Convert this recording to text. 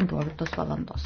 15 valandos.